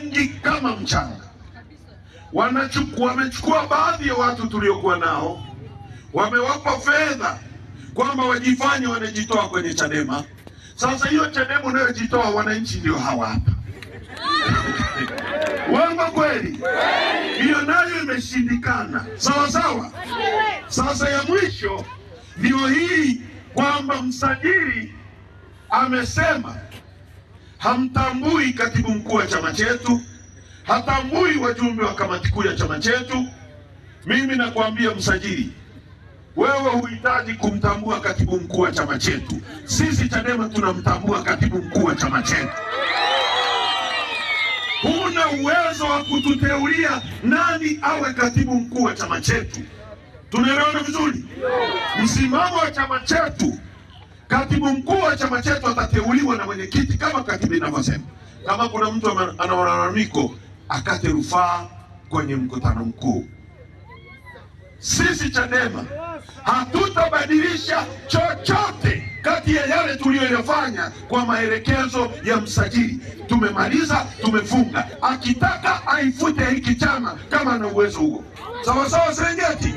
wengi kama mchanga. Wanachukua, wamechukua baadhi ya watu tuliokuwa nao, wamewapa fedha kwamba wajifanye wanajitoa kwenye Chadema. Sasa hiyo Chadema unayojitoa wananchi ndio hawa hapa Wama kweli, hiyo nayo imeshindikana. Sawa sawa. Sasa ya mwisho ndio hii kwamba msajili amesema hamtambui katibu mkuu wa chama chetu, hatambui wajumbe wa kamati kuu ya chama chetu. Mimi nakwambia msajili, wewe huhitaji kumtambua katibu mkuu wa chama chetu. Sisi Chadema tunamtambua katibu mkuu wa chama chetu. Huna uwezo wa kututeulia nani awe katibu mkuu wa chama chetu. Tunaelewana vizuri? Msimamo wa chama chetu katibu mkuu wa chama chetu atateuliwa na mwenyekiti kama katiba inavyosema. Kama kuna mtu ana malalamiko akate rufaa kwenye mkutano mkuu. Sisi Chadema hatutabadilisha chochote kati ya yale tuliyoyafanya kwa maelekezo ya msajili. Tumemaliza, tumefunga. Akitaka aifute hiki chama kama ana uwezo huo sawa sawa Serengeti.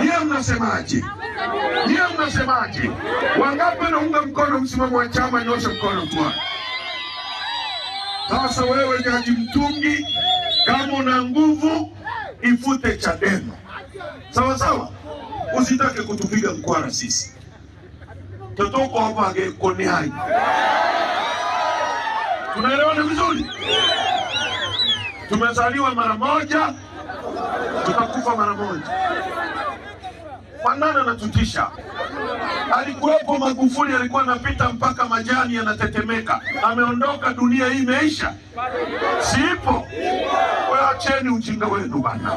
Niye mnasemaje? Niye mnasemaje? Wangapi wanaunga mkono msimamo wa chama? Nyosha mkono kwa. Sasa wewe Jaji Mtungi, kama una nguvu ifute Chadema, sawa Usitake kutupiga mkwara sisi totokovage koni hai. Tunaelewana vizuri? Tumezaliwa mara moja tutakufa mara moja. Panana anatutisha. Alikuwepo Magufuli, alikuwa anapita mpaka majani yanatetemeka. Ameondoka, dunia hii imeisha, siipo. Acheni ujinga wenu bana.